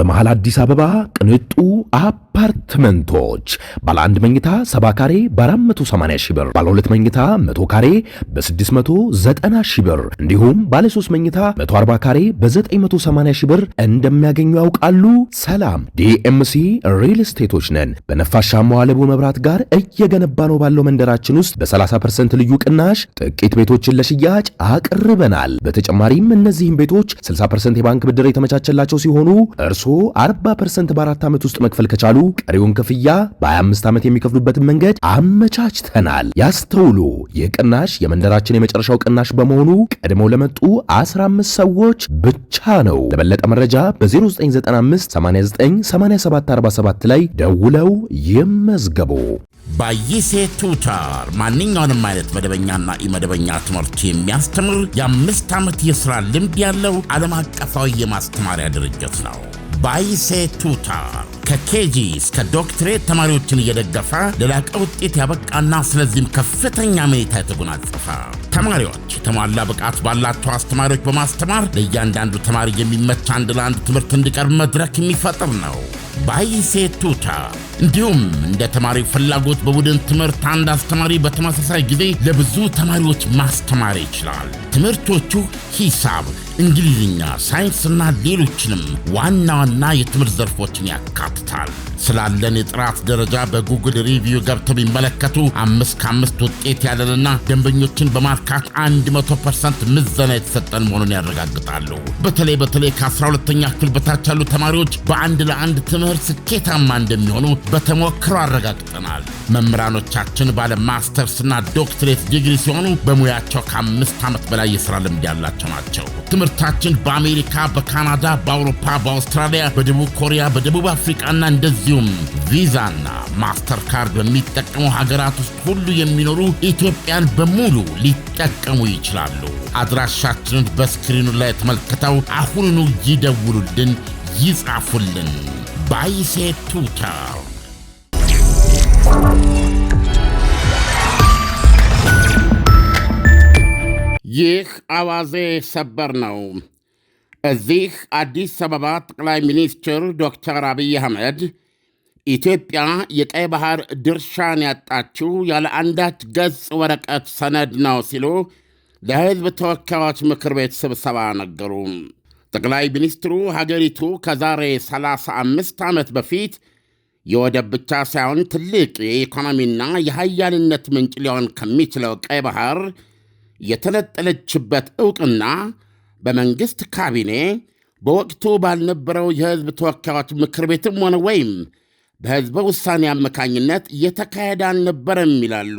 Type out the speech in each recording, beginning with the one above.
በመሃል አዲስ አበባ ቅንጡ አፓርትመንቶች ባለ አንድ መኝታ 70 ካሬ በ480 ሺህ ብር፣ ባለ ሁለት መኝታ 100 ካሬ በ690 ሺህ ብር እንዲሁም ባለ 3 መኝታ 140 ካሬ በ980 ሺህ ብር እንደሚያገኙ ያውቃሉ? ሰላም ዲኤምሲ ሪል ስቴቶች ነን። በነፋሻማው አለቡ መብራት ጋር እየገነባ ነው ባለው መንደራችን ውስጥ በ30% ልዩ ቅናሽ ጥቂት ቤቶችን ለሽያጭ አቅርበናል። በተጨማሪም እነዚህም ቤቶች 60% የባንክ ብድር የተመቻቸላቸው ሲሆኑ እርሱ 40% በአራት ዓመት ውስጥ መክፈል ከቻሉ ቀሪውን ክፍያ በ25 ዓመት የሚከፍሉበትን መንገድ አመቻችተናል። ያስተውሉ! ይህ ቅናሽ የመንደራችን የመጨረሻው ቅናሽ በመሆኑ ቀድመው ለመጡ 15 ሰዎች ብቻ ነው። ለበለጠ መረጃ በ0995 89 8747 ላይ ደውለው ይመዝገቡ። ባይሴ ቱታር ማንኛውንም አይነት መደበኛና ኢመደበኛ ትምህርት የሚያስተምር የአምስት ዓመት የሥራ ልምድ ያለው ዓለም አቀፋዊ የማስተማሪያ ድርጅት ነው። ባይሴ ቱታር ከኬጂ እስከ ዶክትሬት ተማሪዎችን እየደገፈ ለላቀ ውጤት ያበቃና ስለዚህም ከፍተኛ መኔታ የተጎናጸፈ ተማሪዎች የተሟላ ብቃት ባላቸው አስተማሪዎች በማስተማር ለእያንዳንዱ ተማሪ የሚመቻ አንድ ለአንድ ትምህርት እንዲቀርብ መድረክ የሚፈጥር ነው። ባይሴ ቱታ እንዲሁም እንደ ተማሪ ፍላጎት በቡድን ትምህርት አንድ አስተማሪ በተመሳሳይ ጊዜ ለብዙ ተማሪዎች ማስተማር ይችላል። ትምህርቶቹ ሂሳብ እንግሊዝኛ፣ ሳይንስና ሌሎችንም ዋና ዋና የትምህርት ዘርፎችን ያካትታል። ስላለን የጥራት ደረጃ በጉግል ሪቪው ገብተው ቢመለከቱ አምስት ከአምስት ውጤት ያለንና ደንበኞችን በማርካት 100 ፐርሰንት ምዘና የተሰጠን መሆኑን ያረጋግጣሉ። በተለይ በተለይ ከ12ተኛ ክፍል በታች ያሉ ተማሪዎች በአንድ ለአንድ ትምህርት ስኬታማ እንደሚሆኑ በተሞክሮ አረጋግጠናል። መምህራኖቻችን ባለ ማስተርስና ዶክትሬት ዲግሪ ሲሆኑ በሙያቸው ከአምስት ዓመት በላይ የሥራ ልምድ ያላቸው ናቸው። ምርታችን በአሜሪካ፣ በካናዳ፣ በአውሮፓ፣ በአውስትራሊያ፣ በደቡብ ኮሪያ፣ በደቡብ አፍሪቃና እንደዚሁም ቪዛና ማስተር ካርድ በሚጠቀሙ ሀገራት ውስጥ ሁሉ የሚኖሩ ኢትዮጵያን በሙሉ ሊጠቀሙ ይችላሉ። አድራሻችንን በስክሪኑ ላይ ተመልክተው አሁኑኑ ይደውሉልን፣ ይጻፉልን። ባይሴ ቱተር ይህ አዋዜ ሰበር ነው። እዚህ አዲስ አበባ ጠቅላይ ሚኒስትር ዶክተር አብይ አህመድ ኢትዮጵያ የቀይ ባህር ድርሻን ያጣችው ያለ አንዳች ገጽ ወረቀት ሰነድ ነው ሲሉ ለሕዝብ ተወካዮች ምክር ቤት ስብሰባ ነገሩ። ጠቅላይ ሚኒስትሩ ሀገሪቱ ከዛሬ 35 ዓመት በፊት የወደብ ብቻ ሳይሆን ትልቅ የኢኮኖሚና የሀያልነት ምንጭ ሊሆን ከሚችለው ቀይ ባህር የተለጠለችበት ዕውቅና በመንግሥት ካቢኔ በወቅቱ ባልነበረው የሕዝብ ተወካዮች ምክር ቤትም ሆነ ወይም በሕዝበ ውሳኔ አመካኝነት እየተካሄደ አልነበረም ይላሉ።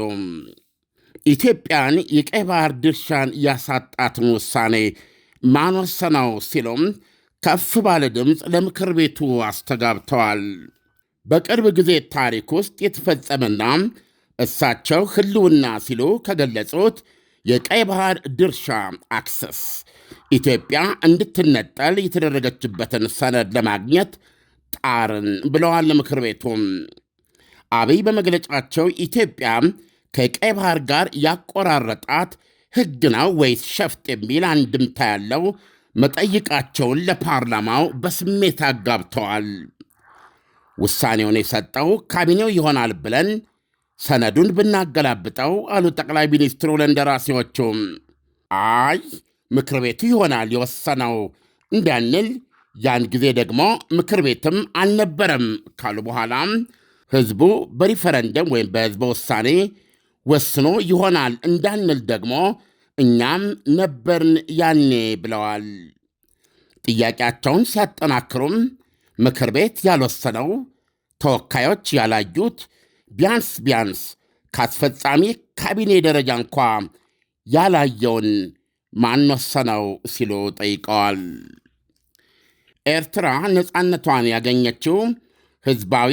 ኢትዮጵያን የቀይ ባህር ድርሻን ያሳጣትን ውሳኔ ማን ወሰነው ሲሉም ከፍ ባለ ድምፅ ለምክር ቤቱ አስተጋብተዋል። በቅርብ ጊዜ ታሪክ ውስጥ የተፈጸመና እሳቸው ሕልውና ሲሉ ከገለጹት የቀይ ባህር ድርሻ አክሰስ ኢትዮጵያ እንድትነጠል የተደረገችበትን ሰነድ ለማግኘት ጣርን ብለዋል ለምክር ቤቱም። አብይ በመግለጫቸው ኢትዮጵያ ከቀይ ባህር ጋር ያቆራረጣት ሕግ ነው ወይስ ሸፍጥ የሚል አንድምታ ያለው መጠይቃቸውን ለፓርላማው በስሜት አጋብተዋል። ውሳኔውን የሰጠው ካቢኔው ይሆናል ብለን ሰነዱን ብናገላብጠው አሉ ጠቅላይ ሚኒስትሩ ለእንደራሴዎቹም። አይ ምክር ቤቱ ይሆናል የወሰነው እንዳንል ያን ጊዜ ደግሞ ምክር ቤትም አልነበረም ካሉ በኋላ ሕዝቡ በሪፈረንደም ወይም በሕዝበ ውሳኔ ወስኖ ይሆናል እንዳንል ደግሞ እኛም ነበርን ያኔ ብለዋል። ጥያቄያቸውን ሲያጠናክሩም ምክር ቤት ያልወሰነው ተወካዮች ያላዩት ቢያንስ ቢያንስ ከአስፈጻሚ ካቢኔ ደረጃ እንኳ ያላየውን ማን ወሰነው ሲሉ ጠይቀዋል። ኤርትራ ነፃነቷን ያገኘችው ሕዝባዊ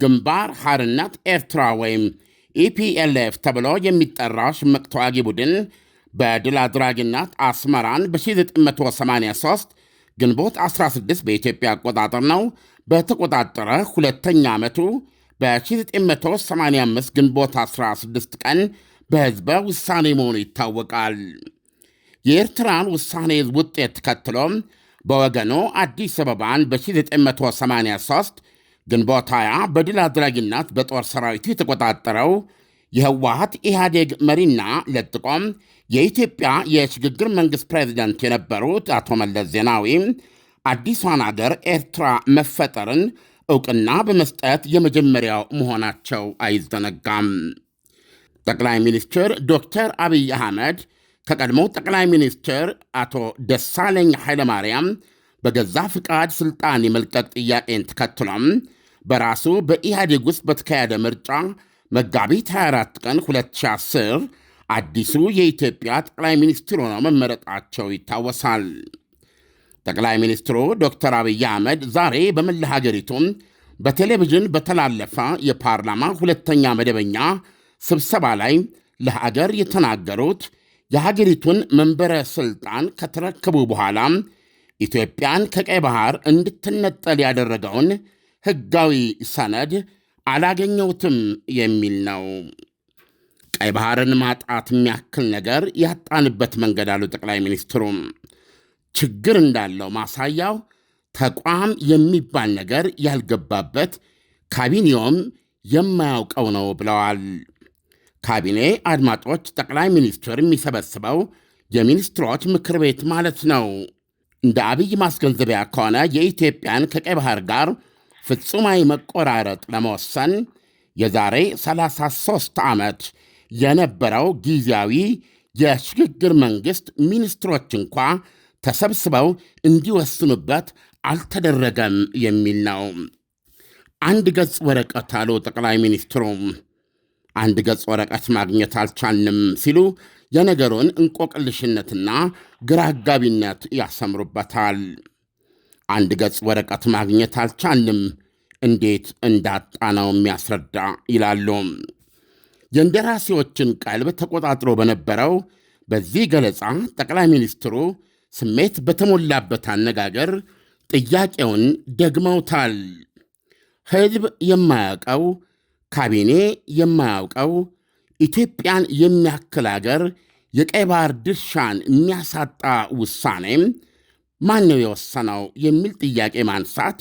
ግንባር ሐርነት ኤርትራ ወይም ኢፒኤልኤፍ ተብሎ የሚጠራው ሽምቅ ተዋጊ ቡድን በድል አድራጊነት አስመራን በ1983 ግንቦት 16 በኢትዮጵያ አቆጣጠር ነው በተቆጣጠረ ሁለተኛ ዓመቱ በ1985 ግንቦት 16 ቀን በሕዝበ ውሳኔ መሆኑ ይታወቃል። የኤርትራን ውሳኔ ውጤት ተከትሎም በወገኑ አዲስ አበባን በ1983 ግንቦት 20 በድል አድራጊነት በጦር ሰራዊቱ የተቆጣጠረው የህወሀት ኢህአዴግ መሪና ለጥቆም የኢትዮጵያ የሽግግር መንግሥት ፕሬዚደንት የነበሩት አቶ መለስ ዜናዊ አዲሷን አገር ኤርትራ መፈጠርን እውቅና በመስጠት የመጀመሪያው መሆናቸው አይዘነጋም። ጠቅላይ ሚኒስትር ዶክተር አብይ አህመድ ከቀድሞው ጠቅላይ ሚኒስትር አቶ ደሳለኝ ኃይለማርያም በገዛ ፍቃድ ሥልጣን የመልቀቅ ጥያቄን ተከትሎም በራሱ በኢህአዴግ ውስጥ በተካሄደ ምርጫ መጋቢት 24 ቀን 2010 አዲሱ የኢትዮጵያ ጠቅላይ ሚኒስትር ሆነው መመረጣቸው ይታወሳል። ጠቅላይ ሚኒስትሩ ዶክተር አብይ አህመድ ዛሬ በመላ ሀገሪቱ በቴሌቪዥን በተላለፈ የፓርላማ ሁለተኛ መደበኛ ስብሰባ ላይ ለሀገር የተናገሩት የሀገሪቱን መንበረ ሥልጣን ከተረከቡ በኋላ ኢትዮጵያን ከቀይ ባህር እንድትነጠል ያደረገውን ሕጋዊ ሰነድ አላገኘሁትም የሚል ነው። ቀይ ባህርን ማጣት የሚያክል ነገር ያጣንበት መንገድ አሉ ጠቅላይ ሚኒስትሩም ችግር እንዳለው ማሳያው ተቋም የሚባል ነገር ያልገባበት ካቢኔውም የማያውቀው ነው ብለዋል። ካቢኔ አድማጮች፣ ጠቅላይ ሚኒስትር የሚሰበስበው የሚኒስትሮች ምክር ቤት ማለት ነው። እንደ አብይ ማስገንዘቢያ ከሆነ የኢትዮጵያን ከቀይ ባህር ጋር ፍጹማዊ መቆራረጥ ለመወሰን የዛሬ 33 ዓመት የነበረው ጊዜያዊ የሽግግር መንግሥት ሚኒስትሮች እንኳ ተሰብስበው እንዲወስኑበት አልተደረገም የሚል ነው። አንድ ገጽ ወረቀት አሉ ጠቅላይ ሚኒስትሩ። አንድ ገጽ ወረቀት ማግኘት አልቻልንም ሲሉ የነገሩን እንቆቅልሽነትና ግራጋቢነት ያሰምሩበታል። አንድ ገጽ ወረቀት ማግኘት አልቻልንም፣ እንዴት እንዳጣ ነው የሚያስረዳ ይላሉ። የእንደራሴዎችን ቀልብ ተቆጣጥሮ በነበረው በዚህ ገለጻ ጠቅላይ ሚኒስትሩ ስሜት በተሞላበት አነጋገር ጥያቄውን ደግመውታል። ሕዝብ የማያውቀው ካቢኔ የማያውቀው ኢትዮጵያን የሚያክል አገር የቀይ ባህር ድርሻን የሚያሳጣ ውሳኔም ማነው የወሰነው የሚል ጥያቄ ማንሳት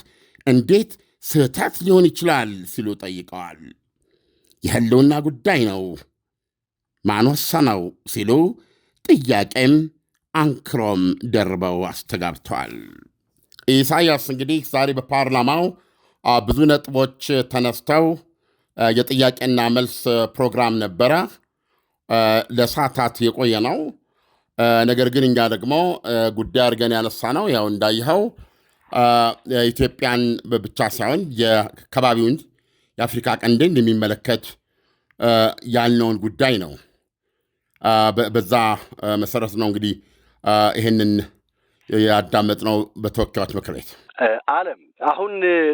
እንዴት ስህተት ሊሆን ይችላል ሲሉ ጠይቀዋል። የህልውና ጉዳይ ነው፣ ማን ወሰነው ሲሉ ጥያቄም አንክሮም ደርበው አስተጋብተዋል። ኢሳያስ እንግዲህ ዛሬ በፓርላማው ብዙ ነጥቦች ተነስተው የጥያቄና መልስ ፕሮግራም ነበረ፣ ለሰዓታት የቆየ ነው። ነገር ግን እኛ ደግሞ ጉዳይ አድርገን ያነሳ ነው። ያው እንዳይኸው ኢትዮጵያን ብቻ ሳይሆን የከባቢውን የአፍሪካ ቀንድን የሚመለከት ያልነውን ጉዳይ ነው። በዛ መሰረት ነው እንግዲህ ይህንን ያዳመጥነው በተወካዮች ምክር ቤት አለም አሁን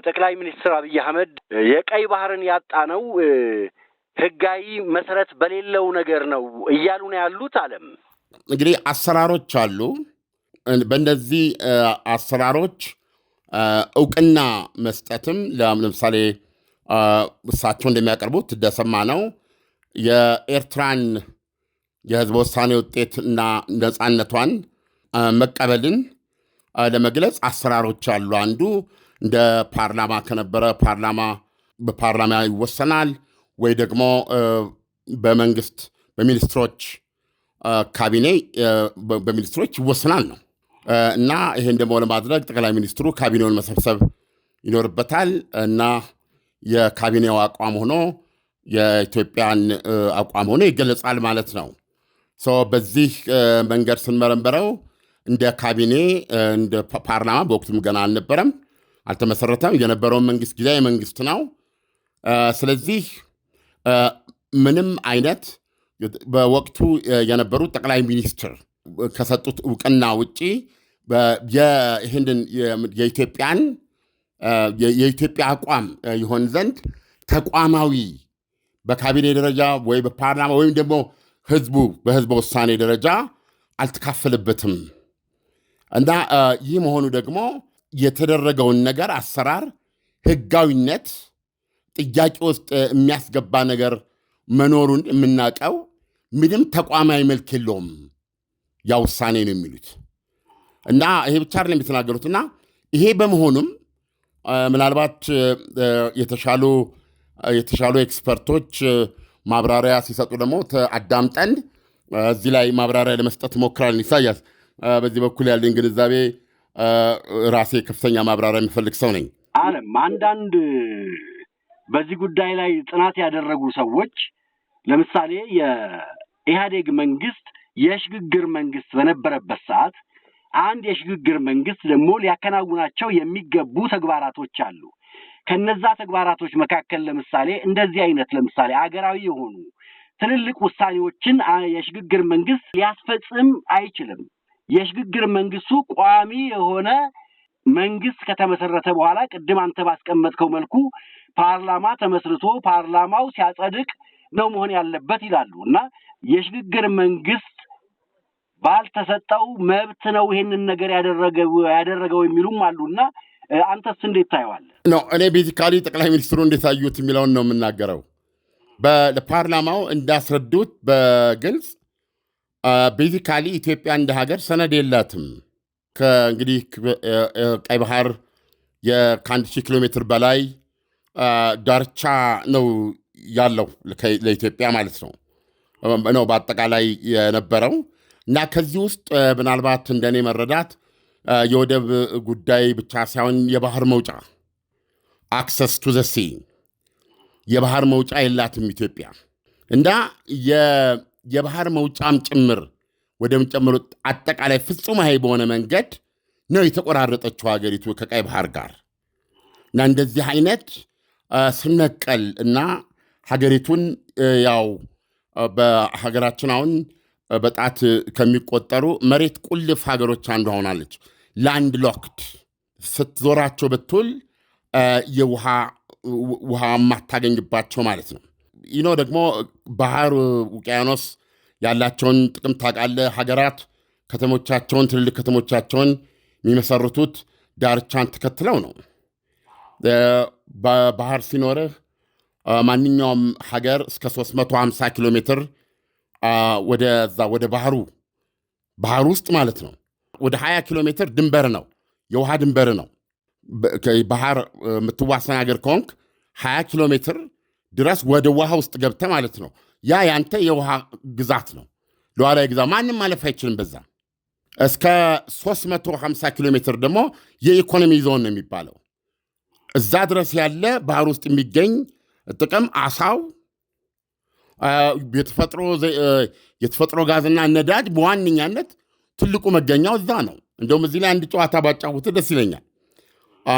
ጠቅላይ ሚኒስትር አብይ አህመድ የቀይ ባህርን ያጣ ነው ህጋዊ መሰረት በሌለው ነገር ነው እያሉ ነው ያሉት። አለም እንግዲህ አሰራሮች አሉ። በእነዚህ አሰራሮች እውቅና መስጠትም ለምሳሌ እሳቸው እንደሚያቀርቡት ደሰማ ነው የኤርትራን የህዝብ ውሳኔ ውጤትና ነፃነቷን መቀበልን ለመግለጽ አሰራሮች አሉ። አንዱ እንደ ፓርላማ ከነበረ ፓርላማ በፓርላማ ይወሰናል ወይ ደግሞ በመንግስት በሚኒስትሮች ካቢኔ በሚኒስትሮች ይወሰናል ነው እና ይህን ደግሞ ለማድረግ ጠቅላይ ሚኒስትሩ ካቢኔውን መሰብሰብ ይኖርበታል እና የካቢኔው አቋም ሆኖ የኢትዮጵያን አቋም ሆኖ ይገለጻል ማለት ነው። በዚህ መንገድ ስንመረምበረው እንደ ካቢኔ እንደ ፓርላማ በወቅቱም ገና አልነበረም፣ አልተመሰረተም። የነበረውን መንግስት ጊዜያዊ መንግስት ነው። ስለዚህ ምንም አይነት በወቅቱ የነበሩት ጠቅላይ ሚኒስትር ከሰጡት እውቅና ውጪ ይህንን የኢትዮጵያን የኢትዮጵያ አቋም ይሆን ዘንድ ተቋማዊ በካቢኔ ደረጃ ወይ በፓርላማ ወይም ደግሞ ህዝቡ በህዝበ ውሳኔ ደረጃ አልተካፈልበትም እና ይህ መሆኑ ደግሞ የተደረገውን ነገር አሰራር ህጋዊነት ጥያቄ ውስጥ የሚያስገባ ነገር መኖሩን የምናውቀው ምንም ተቋማዊ መልክ የለውም፣ ያ ውሳኔ ነው የሚሉት እና ይሄ ብቻ አይደለም የተናገሩት እና ይሄ በመሆኑም ምናልባት የተሻሉ ኤክስፐርቶች ማብራሪያ ሲሰጡ ደግሞ አዳምጠን እዚህ ላይ ማብራሪያ ለመስጠት ሞክራል። ኢሳያስ በዚህ በኩል ያለኝ ግንዛቤ ራሴ ከፍተኛ ማብራሪያ የሚፈልግ ሰው ነኝ። አለም አንዳንድ በዚህ ጉዳይ ላይ ጥናት ያደረጉ ሰዎች ለምሳሌ የኢህአዴግ መንግስት የሽግግር መንግስት በነበረበት ሰዓት አንድ የሽግግር መንግስት ደግሞ ሊያከናውናቸው የሚገቡ ተግባራቶች አሉ። ከነዛ ተግባራቶች መካከል ለምሳሌ እንደዚህ አይነት ለምሳሌ አገራዊ የሆኑ ትልልቅ ውሳኔዎችን የሽግግር መንግስት ሊያስፈጽም አይችልም። የሽግግር መንግስቱ ቋሚ የሆነ መንግስት ከተመሰረተ በኋላ ቅድም አንተ ባስቀመጥከው መልኩ ፓርላማ ተመስርቶ ፓርላማው ሲያጸድቅ ነው መሆን ያለበት ይላሉ እና የሽግግር መንግስት ባልተሰጠው መብት ነው ይሄንን ነገር ያደረገው ያደረገው የሚሉም እና አንተስ እንዴት ታየዋለህ? ኖ እኔ ቤዚካሊ ጠቅላይ ሚኒስትሩ እንዴታዩት የሚለውን ነው የምናገረው። በፓርላማው እንዳስረዱት በግልጽ ቤዚካሊ ኢትዮጵያ እንደ ሀገር ሰነድ የላትም። እንግዲህ ቀይ ባህር ከአንድ ሺህ ኪሎ ሜትር በላይ ዳርቻ ነው ያለው ለኢትዮጵያ ማለት ነው ነው በአጠቃላይ የነበረው እና ከዚህ ውስጥ ምናልባት እንደኔ መረዳት የወደብ ጉዳይ ብቻ ሳይሆን የባህር መውጫ አክሰስ ቱ ዘ ሲ የባህር መውጫ የላትም ኢትዮጵያ እና የባህር መውጫም ጭምር ጨምሮ አጠቃላይ ፍጹም ሀይ በሆነ መንገድ ነው የተቆራረጠችው ሀገሪቱ ከቀይ ባህር ጋር እና እንደዚህ አይነት ስነቀል እና ሀገሪቱን ያው በሀገራችን አሁን በጣት ከሚቆጠሩ መሬት ቁልፍ ሀገሮች አንዷ ሆናለች። ላንድ ሎክድ ስትዞራቸው ብትውል የውሃ ውሃ የማታገኝባቸው ማለት ነው። ይኖ ደግሞ ባህር ውቅያኖስ ያላቸውን ጥቅም ታቃለ ሀገራት ከተሞቻቸውን ትልልቅ ከተሞቻቸውን የሚመሰርቱት ዳርቻን ተከትለው ነው። በባህር ሲኖርህ ማንኛውም ሀገር እስከ 350 ኪሎ ሜትር ወደዛ ወደ ባህሩ ባህር ውስጥ ማለት ነው ወደ 20 ኪሎ ሜትር ድንበር ነው፣ የውሃ ድንበር ነው። ባህር የምትዋሰን ሀገር ከሆንክ 20 ኪሎ ሜትር ድረስ ወደ ውሃ ውስጥ ገብተ ማለት ነው። ያ ያንተ የውሃ ግዛት ነው፣ ሉዓላዊ ግዛት። ማንም ማለፍ አይችልም በዛ። እስከ 350 ኪሎ ሜትር ደግሞ የኢኮኖሚ ዞን ነው የሚባለው። እዛ ድረስ ያለ ባህር ውስጥ የሚገኝ ጥቅም አሳው፣ የተፈጥሮ ጋዝና ነዳጅ በዋነኛነት ትልቁ መገኛው እዛ ነው። እንደውም እዚህ ላይ አንድ ጨዋታ ባጫውት ደስ ይለኛል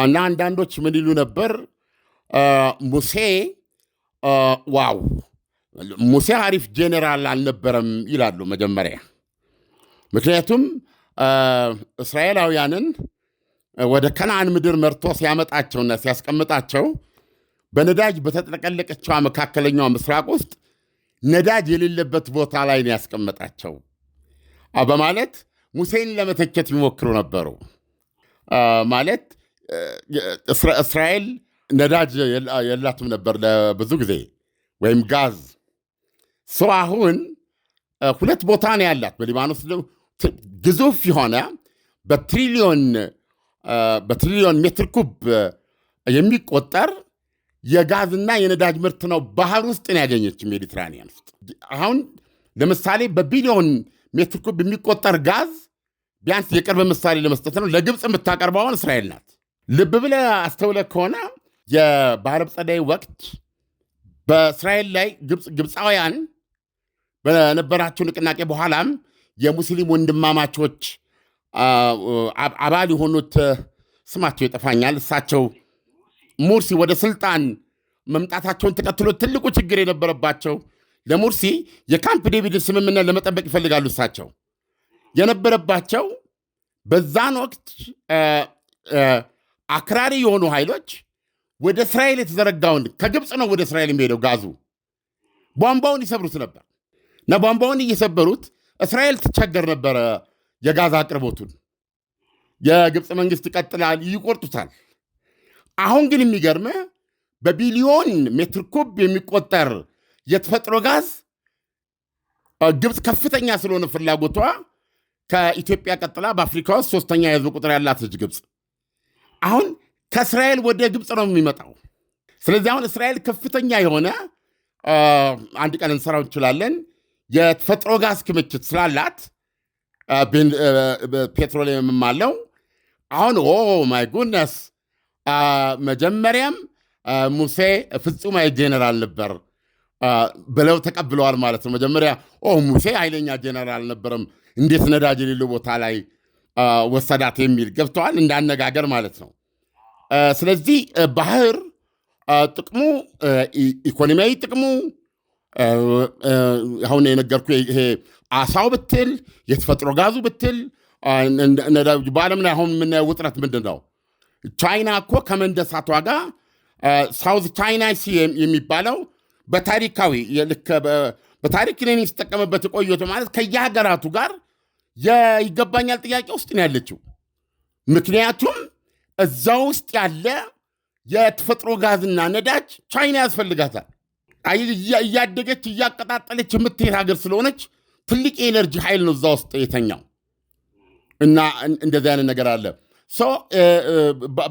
እና አንዳንዶች ምን ይሉ ነበር ሙሴ ዋው ሙሴ አሪፍ ጄኔራል አልነበረም ይላሉ መጀመሪያ። ምክንያቱም እስራኤላውያንን ወደ ከነአን ምድር መርቶ ሲያመጣቸውና ሲያስቀምጣቸው በነዳጅ በተጥለቀለቀችዋ መካከለኛው ምስራቅ ውስጥ ነዳጅ የሌለበት ቦታ ላይ ነው ያስቀመጣቸው በማለት ሙሴን ለመተቸት የሚሞክሩ ነበሩ። ማለት እስራኤል ነዳጅ የላትም ነበር ለብዙ ጊዜ ወይም ጋዝ ሰው አሁን ሁለት ቦታ ነው ያላት። በሊባኖስ ግዙፍ የሆነ በትሪሊዮን ሜትር ኩብ የሚቆጠር የጋዝና የነዳጅ ምርት ነው ባህር ውስጥ ነው ያገኘች ሜዲትራኒያን ውስጥ። አሁን ለምሳሌ በቢሊዮን ሜትር ኩብ የሚቆጠር ጋዝ ቢያንስ የቅርብ ምሳሌ ለመስጠት ነው። ለግብፅ የምታቀርበውን እስራኤል ናት። ልብ ብለ አስተውለ ከሆነ የባህረ ጸደይ ወቅት በእስራኤል ላይ ግብፃውያን በነበራቸው ንቅናቄ በኋላም የሙስሊም ወንድማማቾች አባል የሆኑት ስማቸው ይጠፋኛል፣ እሳቸው ሙርሲ ወደ ስልጣን መምጣታቸውን ተከትሎ ትልቁ ችግር የነበረባቸው ለሙርሲ የካምፕ ዴቪድን ስምምነት ለመጠበቅ ይፈልጋሉ። እሳቸው የነበረባቸው በዛን ወቅት አክራሪ የሆኑ ኃይሎች ወደ እስራኤል የተዘረጋውን ከግብፅ ነው ወደ እስራኤል የሚሄደው ጋዙ ቧንቧውን ይሰብሩት ነበር እና ቧንቧውን እየሰበሩት እስራኤል ትቸገር ነበረ። የጋዛ አቅርቦቱን የግብፅ መንግስት ይቀጥላል፣ ይቆርጡታል። አሁን ግን የሚገርም በቢሊዮን ሜትር ኩብ የሚቆጠር የተፈጥሮ ጋዝ ግብፅ ከፍተኛ ስለሆነ ፍላጎቷ ከኢትዮጵያ ቀጥላ በአፍሪካ ውስጥ ሶስተኛ የህዝብ ቁጥር ያላት እጅ ግብፅ። አሁን ከእስራኤል ወደ ግብፅ ነው የሚመጣው። ስለዚህ አሁን እስራኤል ከፍተኛ የሆነ አንድ ቀን እንሰራው እንችላለን የተፈጥሮ ጋዝ ክምችት ስላላት ፔትሮሊየም አለው። አሁን ኦ ማይ ጉድነስ መጀመሪያም ሙሴ ፍጹማዊ ጄኔራል ነበር ብለው ተቀብለዋል ማለት ነው። መጀመሪያ ኦ ሙሴ ኃይለኛ ጀነራል ነበረም እንዴት ነዳጅ የሌለው ቦታ ላይ ወሰዳት የሚል ገብተዋል፣ እንዳነጋገር ማለት ነው። ስለዚህ ባህር ጥቅሙ ኢኮኖሚያዊ ጥቅሙ አሁን የነገርኩ ይሄ አሳው ብትል የተፈጥሮ ጋዙ ብትል በዓለም ላይ አሁን የምናየው ውጥረት ምንድን ነው? ቻይና እኮ ከመንደሳቷ ጋር ሳውዝ ቻይና ሲ የሚባለው በታሪካዊ በታሪክ ነን ሲጠቀምበት የቆየቱ ማለት ከየሀገራቱ ጋር ይገባኛል ጥያቄ ውስጥ ነው ያለችው። ምክንያቱም እዛ ውስጥ ያለ የተፈጥሮ ጋዝና ነዳጅ ቻይና ያስፈልጋታል። እያደገች እያቀጣጠለች የምትሄድ ሀገር ስለሆነች ትልቅ የኤነርጂ ኃይል ነው እዛ ውስጥ የተኛው እና እንደዚህ አይነት ነገር አለ።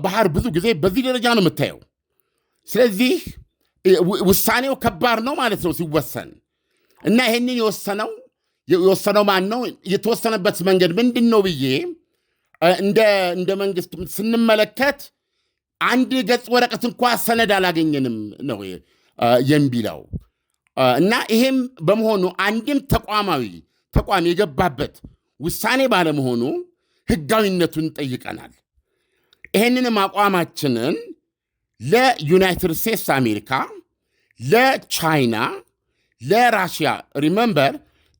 ባህር ብዙ ጊዜ በዚህ ደረጃ ነው የምታየው። ስለዚህ ውሳኔው ከባድ ነው ማለት ነው ሲወሰን እና ይህንን የወሰነው የወሰነው ማን ነው? የተወሰነበት መንገድ ምንድን ነው ብዬ እንደ መንግስት ስንመለከት አንድ ገጽ ወረቀት እንኳ ሰነድ አላገኘንም ነው የሚለው እና ይሄም በመሆኑ አንድም ተቋማዊ ተቋም የገባበት ውሳኔ ባለመሆኑ ህጋዊነቱን ጠይቀናል። ይህንንም አቋማችንን ለዩናይትድ ስቴትስ አሜሪካ፣ ለቻይና፣ ለራሽያ ሪመምበር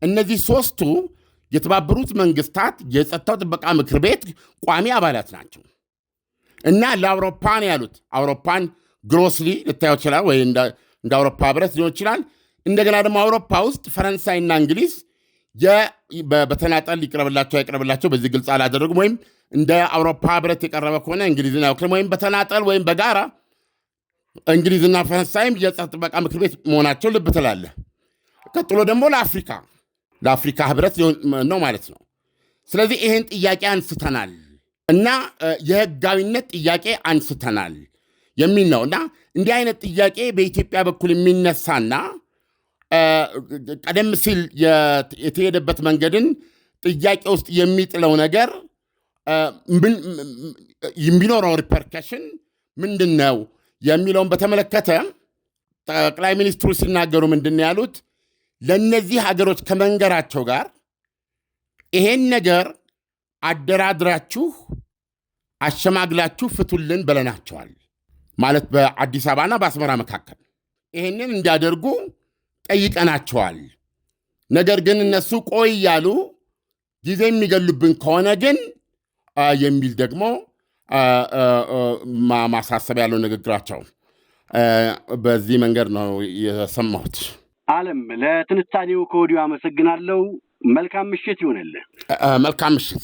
እነዚህ ሶስቱ የተባበሩት መንግስታት የጸጥታው ጥበቃ ምክር ቤት ቋሚ አባላት ናቸው እና ለአውሮፓን ያሉት አውሮፓን ግሮስሊ ልታየው ይችላል ወይ እንደ አውሮፓ ህብረት ሊሆን ይችላል። እንደገና ደግሞ አውሮፓ ውስጥ ፈረንሳይና እንግሊዝ በተናጠል ሊቀርብላቸው አይቀርብላቸው በዚህ ግልጽ አላደረጉም። ወይም እንደ አውሮፓ ህብረት የቀረበ ከሆነ እንግሊዝን አይወክልም። ወይም በተናጠል ወይም በጋራ እንግሊዝና ፈረንሳይም የጸጥታ ጥበቃ ምክር ቤት መሆናቸው ልብ ትላለ ቀጥሎ ደግሞ ለአፍሪካ ለአፍሪካ ህብረት ነው ማለት ነው። ስለዚህ ይህን ጥያቄ አንስተናል እና የህጋዊነት ጥያቄ አንስተናል የሚል ነው እና እንዲህ አይነት ጥያቄ በኢትዮጵያ በኩል የሚነሳና ቀደም ሲል የተሄደበት መንገድን ጥያቄ ውስጥ የሚጥለው ነገር የሚኖረው ሪፐርከሽን ምንድን ነው? የሚለውን በተመለከተ ጠቅላይ ሚኒስትሩ ሲናገሩ ምንድን ያሉት ለእነዚህ ሀገሮች ከመንገራቸው ጋር ይሄን ነገር አደራድራችሁ አሸማግላችሁ ፍቱልን ብለናቸዋል። ማለት በአዲስ አበባና በአስመራ መካከል ይሄንን እንዲያደርጉ ጠይቀናቸዋል። ነገር ግን እነሱ ቆይ እያሉ ጊዜ የሚገሉብን ከሆነ ግን የሚል ደግሞ ማሳሰብ ያለው ንግግራቸው በዚህ መንገድ ነው የሰማሁት። አለም ለትንታኔው ከወዲሁ አመሰግናለሁ። መልካም ምሽት ይሆንልህ። መልካም ምሽት።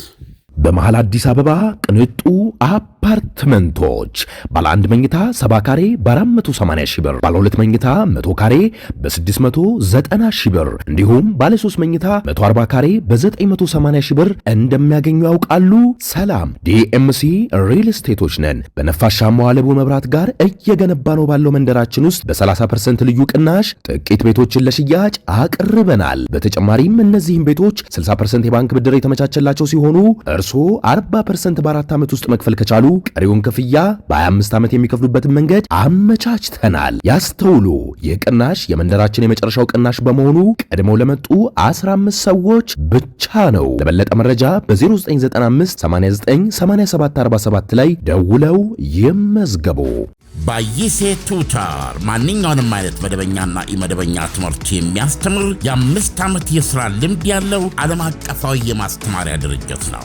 በመሀል አዲስ አበባ ቅንጡ አፕ አፓርትመንቶች ባለ አንድ መኝታ 70 ካሬ በ480 ሺህ ብር፣ ባለ ሁለት መኝታ 100 ካሬ በ690 ሺህ ብር እንዲሁም ባለ 3 መኝታ 140 ካሬ በ980 ሺህ ብር እንደሚያገኙ ያውቃሉ? ሰላም ዲኤምሲ ሪል ስቴቶች ነን። በነፋሻማው አለቡ መብራት ጋር እየገነባ ነው ባለው መንደራችን ውስጥ በ30% ልዩ ቅናሽ ጥቂት ቤቶችን ለሽያጭ አቅርበናል። በተጨማሪም እነዚህም ቤቶች 60% የባንክ ብድር የተመቻቸላቸው ሲሆኑ እርስዎ 40% በአራት ዓመት ውስጥ መክፈል ከቻሉ ቀሪውን ክፍያ በ25 ዓመት የሚከፍሉበትን መንገድ አመቻችተናል። ያስተውሉ። ይህ ቅናሽ የመንደራችን የመጨረሻው ቅናሽ በመሆኑ ቀድመው ለመጡ 15 ሰዎች ብቻ ነው። ለበለጠ መረጃ በ0995898747 ላይ ደውለው ይመዝገቡ። ባይሴ ቱታር ማንኛውንም አይነት መደበኛና ኢመደበኛ ትምህርት የሚያስተምር የአምስት ዓመት የሥራ ልምድ ያለው ዓለም አቀፋዊ የማስተማሪያ ድርጅት ነው።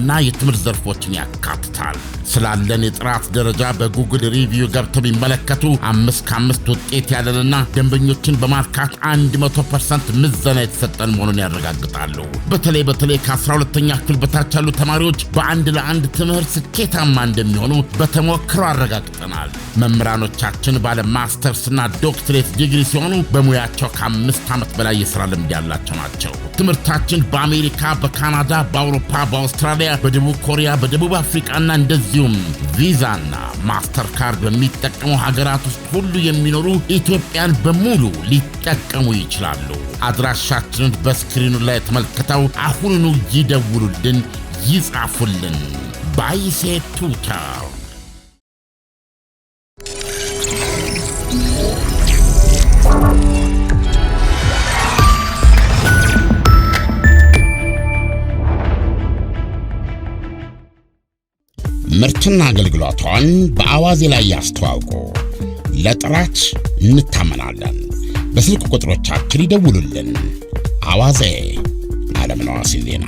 የሙያና የትምህርት ዘርፎችን ያካትታል። ስላለን የጥራት ደረጃ በጉግል ሪቪው ገብተው ቢመለከቱ አምስት ከአምስት ውጤት ያለንና ደንበኞችን በማርካት 100 ፐርሰንት ምዘና የተሰጠን መሆኑን ያረጋግጣሉ። በተለይ በተለይ ከ12ተኛ ክፍል በታች ያሉ ተማሪዎች በአንድ ለአንድ ትምህርት ስኬታማ እንደሚሆኑ በተሞክሮ አረጋግጠናል። መምህራኖቻችን ባለ ማስተርስና ዶክትሬት ዲግሪ ሲሆኑ በሙያቸው ከአምስት ዓመት በላይ የሥራ ልምድ ያላቸው ናቸው። ትምህርታችን በአሜሪካ፣ በካናዳ፣ በአውሮፓ፣ በአውስትራሊያ ታዲያ በደቡብ ኮሪያ፣ በደቡብ አፍሪቃና እንደዚሁም ቪዛና ማስተር ካርድ በሚጠቀሙ ሀገራት ውስጥ ሁሉ የሚኖሩ ኢትዮጵያን በሙሉ ሊጠቀሙ ይችላሉ። አድራሻችንን በስክሪኑ ላይ ተመልክተው አሁኑኑ ይደውሉልን፣ ይጻፉልን። ባይሴ ቱታ ምርትና አገልግሎቷን በአዋዜ ላይ ያስተዋውቁ። ለጥራች እንታመናለን። በስልክ ቁጥሮቻችን ይደውሉልን። አዋዜ አለምነህ ዋሴ ዜና